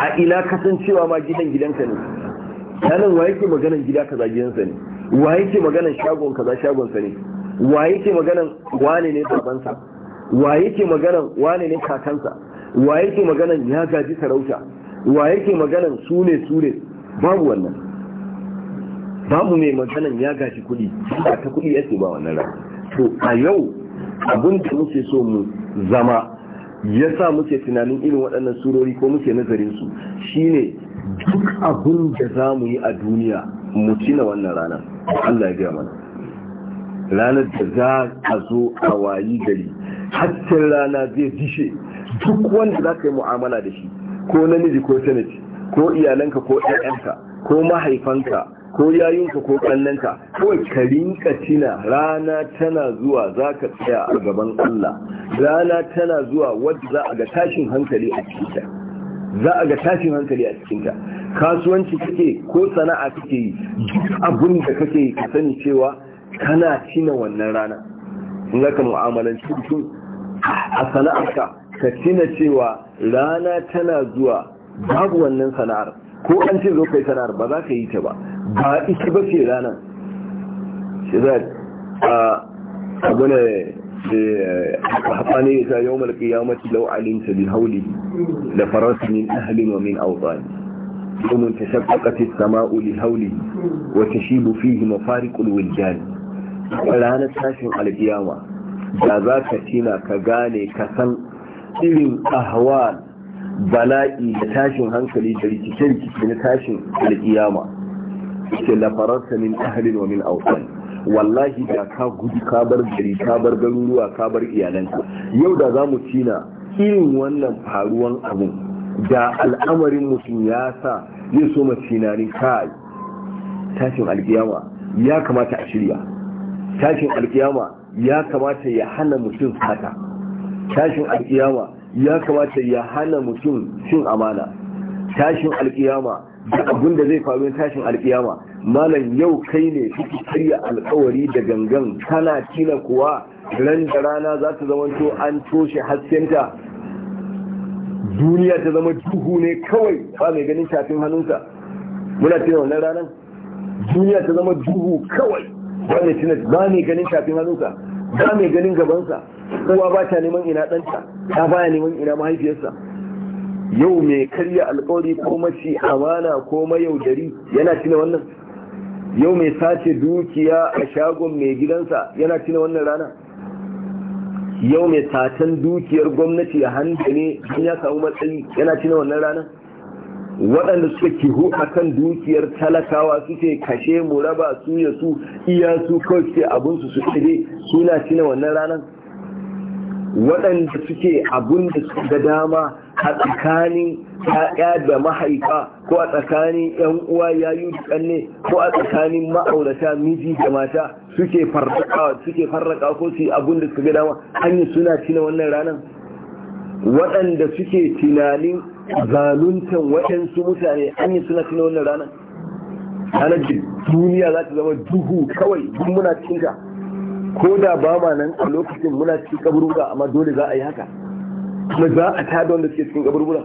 a ila kasancewa ma gidan gidanka ne sanin wa yake maganan gida kaza gidansa ne wa yake maganan shagon kaza shagonsa ne wa yake maganan wane ne babansa wa yake maganan wane ne kakansa wa yake maganan ya gaji sarauta wa yake maganan su ne su ne babu wannan babu mai maganan ya gaji kuɗi ba ta kuɗi yake ba wannan ran to a yau abin da muke so mu zama ya sa muke tunanin irin waɗannan surori ko muke nazarin su shine duk abin da za mu yi a duniya mu na wannan rana Allah ya gaya mana ranar da za a zo a wayi gari hatin rana zai dishe duk wanda za ka yi mu'amala da shi ko namiji ko sanaci ko iyalanka ko 'ya'yanka ko mahaifanka ko yayinka ko kallonka kawai ka rinka tina rana tana zuwa za ka tsaya a gaban Allah rana tana zuwa wadda za a ga tashin hankali a cikinta za a ga tashin hankali a cikinta kasuwanci kake ko sana'a kake yi duk abin da kake yi ka sani cewa kana tina wannan rana in ka mu'amalanci tun a sana'arka ka tina cewa rana tana zuwa babu wannan sana'ar ko an ce zo kai sana'ar ba za ka yi ta ba ba ita ba ce ranar shi za a abu ne da eh, hafani yau malaka ya mace lau alimta bi hauli da faransa min ahalin wa min autani domin ta shakakati sama'u li hauli wa fihi ranar tashin alkiyama da za ka tina ka gane ka san irin ahwal bala'i da tashin hankali da rikice-rikice na tashin alƙiyama ke lafararsa min ahalin wa min autan wallahi da ka gudu ka bar gari ka bar garuruwa ka bar iyalanka yau da za mu cina irin wannan faruwan abin da al'amarin mutum ya sa zai so macinarin kai tashin alƙiyama ya kamata a shirya tashin alƙiyama ya kamata ya hana mutum fata tashin alƙiyama. ya kamata ya hana mutum cin amana tashin alkiyama da abin da zai faru tashin alkiyama malam yau kai ne kike karya alkawari da gangan kana tina kuwa ran da rana za ta to an toshe haskenta duniya ta zama duhu ne kawai ba mai ganin shafin hannunsa muna tuna wannan ranar duniya ta zama duhu kawai ba mai ganin shafin hannunsa ba mai ganin gabansa Kowa ba ta neman ina ɗanta ta baya neman ina mahaifiyarsa yau mai karya alkawari ko mace amana ko mayaudari yana tuna wannan yau mai sace dukiya a shagon mai gidansa yana tuna wannan rana yau mai satan dukiyar gwamnati a hannu don ya samu matsayi yana tuna wannan rana waɗanda suka kihu a kan dukiyar talakawa suke kashe mu raba su ya su iya su kawai suke abinsu su suna tuna wannan ranar waɗanda suke abun da da dama a tsakanin ya'ya da mahaifa ko a tsakanin yan uwa yayu da kanne ko a tsakanin ma'aurata miji da mata suke farraka suke farraka ko su abun da suka dama hanyar suna tina wannan ranar waɗanda suke tunanin zaluntan waɗansu mutane hanyar suna tina wannan ranar ranar duniya za ta zama duhu kawai duk muna cinta ko da ba ma nan a lokacin muna cikin kaburbura amma dole za a yi haka kuma za a ta da wanda suke cikin kaburbura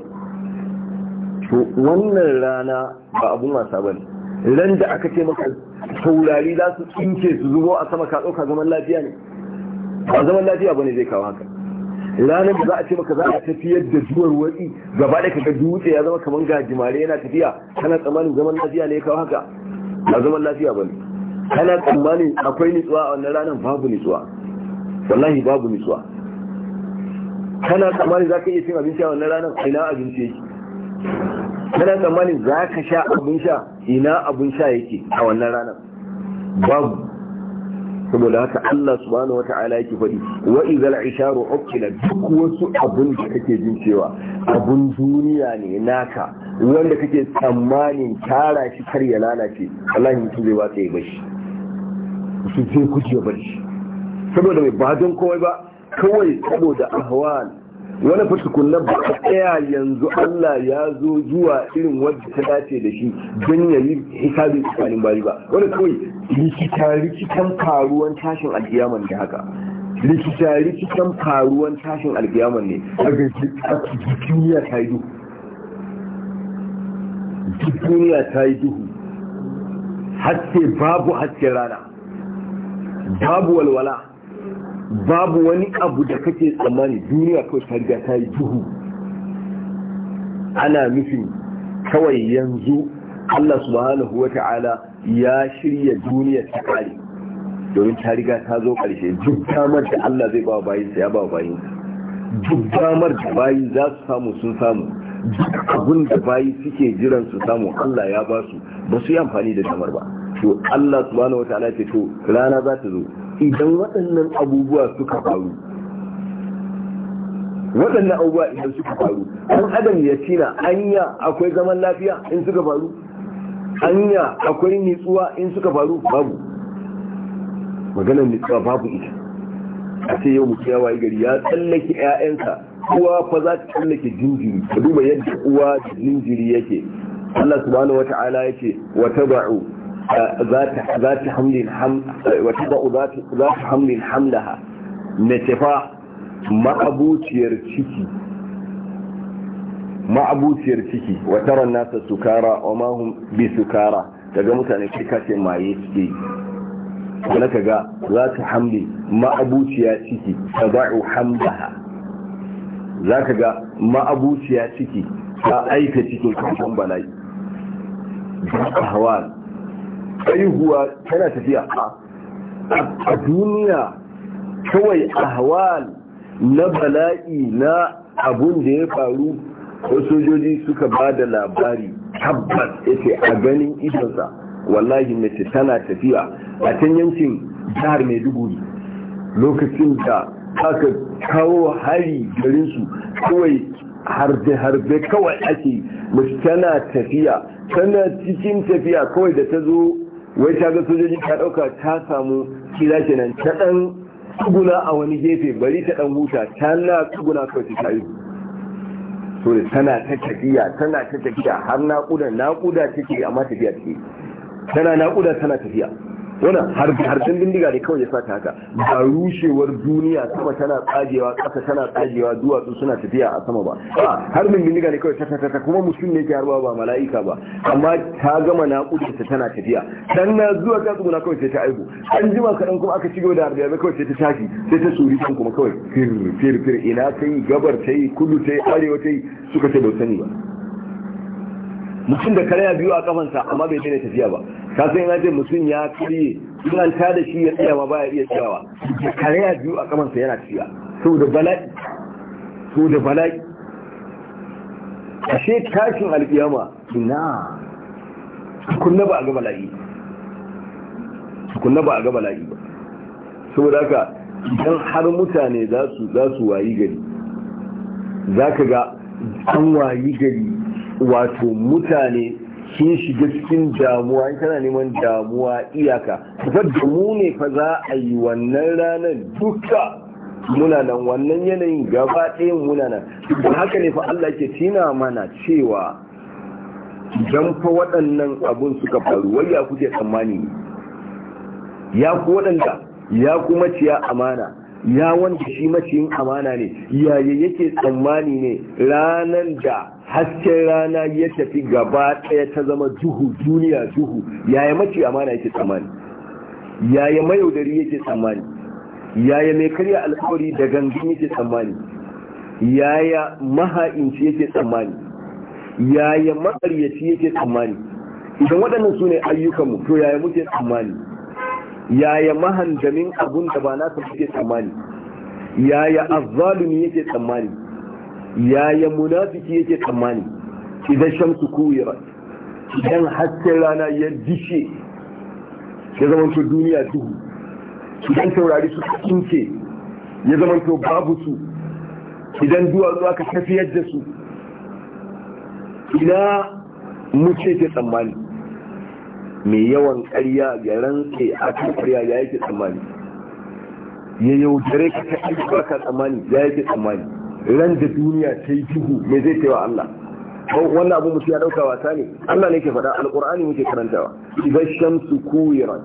to wannan rana ba abun wasa ba ne ran da aka ce maka taurari za su tsinke su zubo a sama ka ɗauka zaman lafiya ne ba zaman lafiya ba ne zai kawo haka ranar da za a ce maka za a tafiyar da duwar watsi gaba da kaga dutse ya zama kamar gajimare yana tafiya kana tsammanin zaman lafiya ne ya kawo haka ba zaman lafiya ba ne kana tsammanin akwai nitsuwa a wannan ranar babu nitsuwa wallahi babu nitsuwa kana tsammanin za ka iya cin abinci a wannan ranar ina abinci yake kana tsammanin za ka sha abin sha ina abin sha yake a wannan ranar babu saboda haka Allah subhanahu wata'ala yake faɗi wa izal isharu ukila duk wasu abun da kake jin cewa abun duniya ne naka wanda kake tsammanin tara shi kar ya lalace wallahi mutum zai watsa yi bashi mutum sai kuce bari shi saboda mai ba don kowai ba kawai saboda ahwal wani fatukunan ba a tsaya yanzu Allah ya zo zuwa irin wadda ta dace da shi don ya yi hisabin tsakanin bari ba wani kawai likitan karuwan tashin alkiyaman da haka likitan karuwan tashin alkiyaman ne a gaji duniya ta yi duhu duk duniya ta yi duhu haske babu haske rana babu walwala babu wani abu da kake tsammani duniya kawai ta ta yi duhu ana nufin kawai yanzu Allah subhanahu wa ta'ala ya shirya duniya ta kare domin ta riga ta zo ƙarshe duk damar da Allah zai ba bayinsa ya ba bayinsa duk damar da bayi za su samu sun samu duk abin da bayi suke jiran su samu Allah ya ba su ba su yi amfani da damar ba to Allah subhanahu wataala ce to rana za ta zo idan waɗannan abubuwa suka faru waɗannan abubuwa idan suka faru an adam ya tina anya akwai zaman lafiya in suka faru anya akwai nitsuwa in suka faru babu maganar nitsuwa babu ita a ce yau mutu kiyawa gari ya tsallake 'ya'yansa uwa fa za ta tsallake jinjiri ka duba yadda uwa da jinjiri yake Allah subhanahu wata'ala yake wa taba'u za ta hamlin hamlaha na tafa ma'abuciyar ciki ma'abuciyar ciki wataran nasa sukara wa mahun bi sukara daga mutane shi kashe maye suke kuna ka ga za ta hamli ma'abuciya ciki ta ba'u hamdaha za ka ga ma'abuciya ciki ta aika cikin kashen bala'i ba hawa haihuwa tana tafiya a duniya kawai ahwal na bala'i na abun da ya faru ko sojoji suka ba da labari tabbas yace a ganin idonsa wallahi mace tana tafiya a can yankin jihar maiduguri lokacin da aka kawo hari garinsu kawai harbe-harbe kawai ake mace tana tafiya tana cikin tafiya kawai da ta zo wai ta ga sojoji ta dauka ta samu kira kenan ta dan tsuguna a wani gefe bari ta dan huta ta na tsuguna kawai ta yi so da tana ta tafiya tana ta tafiya har naƙuda naƙuda take amma tafiya take tana naƙuda tana tafiya wani harbin bindiga ne kawai ya sa haka ba rushewar duniya sama tana tsagewa ƙasa tana tsagewa duwatsu suna tafiya a sama ba a harbin bindiga ne kawai ta ta kuma mutum ne ke harba ba mala'ika ba amma ta gama naƙuda ta tana tafiya dan na zuwa ta tsuguna kawai sai ta aibu an jima kaɗan kuma aka shigo da harbe kawai sai ta tashi sai ta suri kan kuma kawai fir fir ina ta yi gabar ta yi kudu ta yi arewa ta yi suka ce ba sani ba mutum da karya biyu a kafansa amma bai daina tafiya ba ka san yana ce mutum ya kare in an tada shi ya tsaya ma baya iya tsayawa da karya biyu a kafansa yana tafiya saboda bala'i saboda bala'i ashe tashin alkiyama ina tukunna ba a ga bala'i tukunna ba a ga bala'i ba saboda haka idan har mutane za su za su wayi gari za ka ga an wayi gari wato mutane sun shiga cikin damuwa in kana neman damuwa iyaka da mu ne fa za a yi wannan ranar duka muna nan wannan yanayin gaba ɗayan muna nan da haka ne fa Allah ke tina mana cewa idan fa waɗannan abun suka faru wai ya kuke tsammani ya ku waɗanda ya ku maciya amana ya wanda shi maciyin amana ne yaya yake tsammani ne ranar da hasken rana ya tafi gaba ɗaya ta zama duhu duniya duhu yaya mace amana yake tsammani yaya mayaudari yake tsammani yaya mai karya alkawari da gangan yake tsammani yaya maha'inci yake tsammani yaya matsaryaci yake tsammani idan waɗannan su ne ayyukanmu to yaya muke tsammani yaya mahandamin abun da ba nasa muke tsammani yaya azzalumi yake tsammani yaya munafiki yake tsammani idan shamsu kuwira idan hasken rana ya dishe ya zamanto duniya duhu idan taurari suka kinke ya zamanto babu su idan duwatsu aka tafiyar da su ina muke ke tsammani mai yawan ƙarya ga rantse a kan ƙarya ya yake tsammani ya yaudare ka ta tsammani ya yake tsammani ran da duniya ta yi duhu me zai taiwa Allah wannan abu mutum ya dauka wasa ne Allah ne ke faɗa alqur'ani muke karantawa idan shamsu kuwirat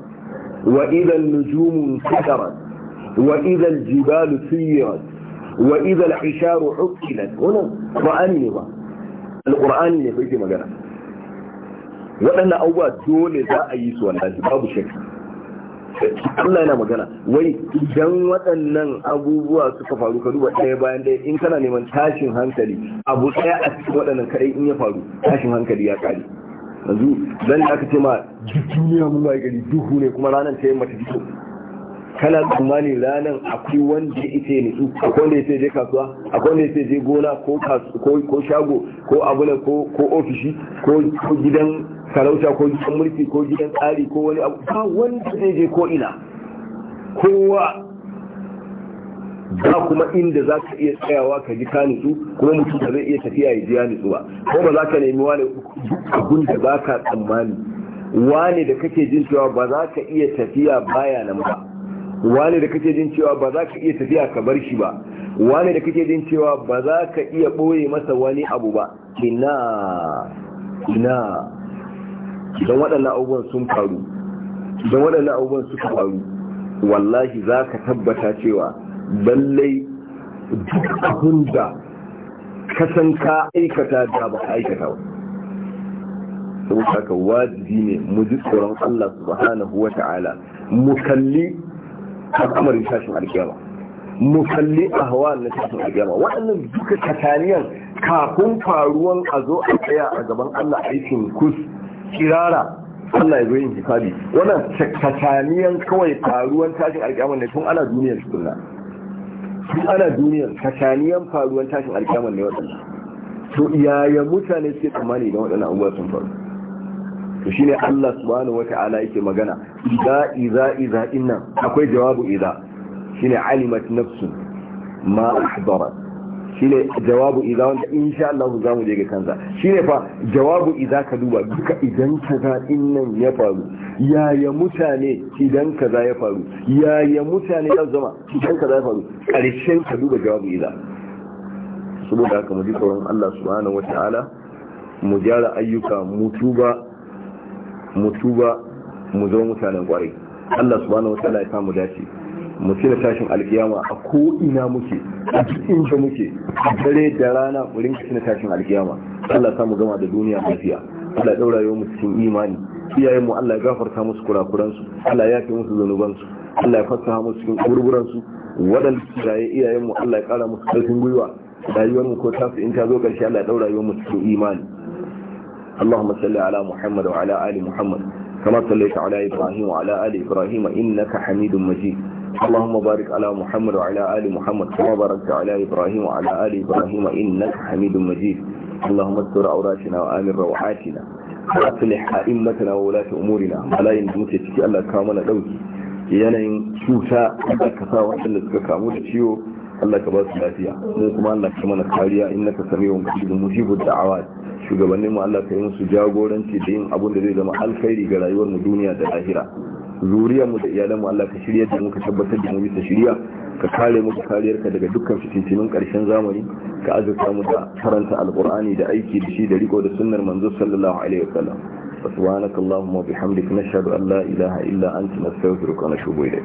wa idan nujumu sakarat wa idan jibalu suyirat wa idan hisharu uqilat wannan qur'ani ne ba alqur'ani ne bai magana waɗannan abubuwa dole za a yi su wallahi babu shakka Allah yana magana wai idan waɗannan abubuwa suka faru ka duba ɗaya bayan ɗaya in kana neman tashin hankali abu ɗaya a cikin waɗannan kaɗai in ya faru tashin hankali ya ƙare yanzu zan aka ce ma duniya mun ba gari duhu ne kuma ranar ta yi mata kana tsammani ranar akwai wanda ita ya nitsu akwai wanda ya je kasuwa akwai wanda ya je gona ko shago ko abuna ko ofishi ko gidan sarauta ko gidan mulki ko gidan tsari ko wani abu ba wanda zai je ko ina kowa ba kuma inda za ka iya tsayawa ka ji ka nutsu kuma mutum da zai iya tafiya ya ji ya nitsu ba ko ba za ka nemi wani abun da za ka tsammani wane da kake jin cewa ba za ka iya tafiya baya nan ba wane da kake jin cewa ba za ka iya tafiya ka bar shi ba wane da kake jin cewa ba za ka iya ɓoye masa wani abu ba ina ina don waɗannan abubuwan sun faru don waɗannan abubuwan suka faru wallahi za ka tabbata cewa lallai duk abin da ka san ka aikata da ba ka aikata ba saboda haka wajibi ne mu ji tsoron Allah subhanahu wa ta'ala mu kalli al'amarin tashin alkiyama mu a hawa na tashin alkiyama waɗannan duka kataniyan kafin faruwan a zo a tsaya a gaban Allah aikin kus kirara Allah ya zo yin hisabi wannan kataniyan kawai faruwan tashin alkiyama ne tun ana duniyar sunna tun ana duniyar kataniyan faruwan tashin alkiyama ne waɗannan to yaya mutane suke tsammani idan waɗannan abubuwa sun faru to shine Allah subhanahu wata'ala yake magana idza idza idza inna akwai jawabu idza shine alimat nafsu ma ahdara shine jawabu idza wanda insha Allah za mu je ga kansa shine fa jawabu idza ka duba duka idan kaza innan ya faru yaya mutane idan kaza ya faru yaya mutane ya zama idan kaza ya faru karshen ka duba jawabu idza saboda haka mu ji tsoron Allah subhanahu wata'ala mu gyara ayyuka mu tuba mutu ba mu zama mutanen kwarai Allah subhanahu wataala ya samu dace mu cire tashin alkiyama a ko ina muke a duk inda muke dare da rana mu rinka cire tashin alkiyama Allah samu gama da duniya lafiya Allah daura yau mu cikin imani iyayen mu Allah ya gafarta musu kurakuran su Allah ya yafe musu zanuban su Allah ya fassaha musu cikin kurburan su waɗanda su iyayen mu Allah ya kara musu karfin gwiwa rayuwar mu ko tasu in ta zo karshe, Allah ya daura yau mu cikin imani اللهم صل على محمد وعلى آل محمد كما صليت على إبراهيم وعلى آل إبراهيم إنك حميد مجيد اللهم بارك على محمد وعلى آل محمد كما باركت على إبراهيم وعلى آل إبراهيم إنك حميد مجيد اللهم استر عوراتنا وآمن روحاتنا وأصلح أئمتنا وولاة أمورنا ولا ينجمك تشكي الله كامنا دوكي yanayin cuta da ka sa waɗanda suka kamu da ciwo Allah ka ba su lafiya mu kuma Allah ka mana kariya innaka samiyun qadirun mujibud da'awat shugabannin mu Allah ka yi musu jagoranci da yin abun da zai zama alkhairi ga rayuwar mu duniya da lahira zuriyar mu da iyalan mu Allah ka shirya da mu ka tabbatar da mu bisa shirya ka kare mu kariyar ka daga dukkan fitintunin karshen zamani ka azurta mu da karanta alqur'ani da aiki da shi da riko da sunnar manzo sallallahu alaihi wasallam subhanakallahumma wa bihamdika nashhadu an la ilaha illa anta nastaghfiruka wa natubu ilayk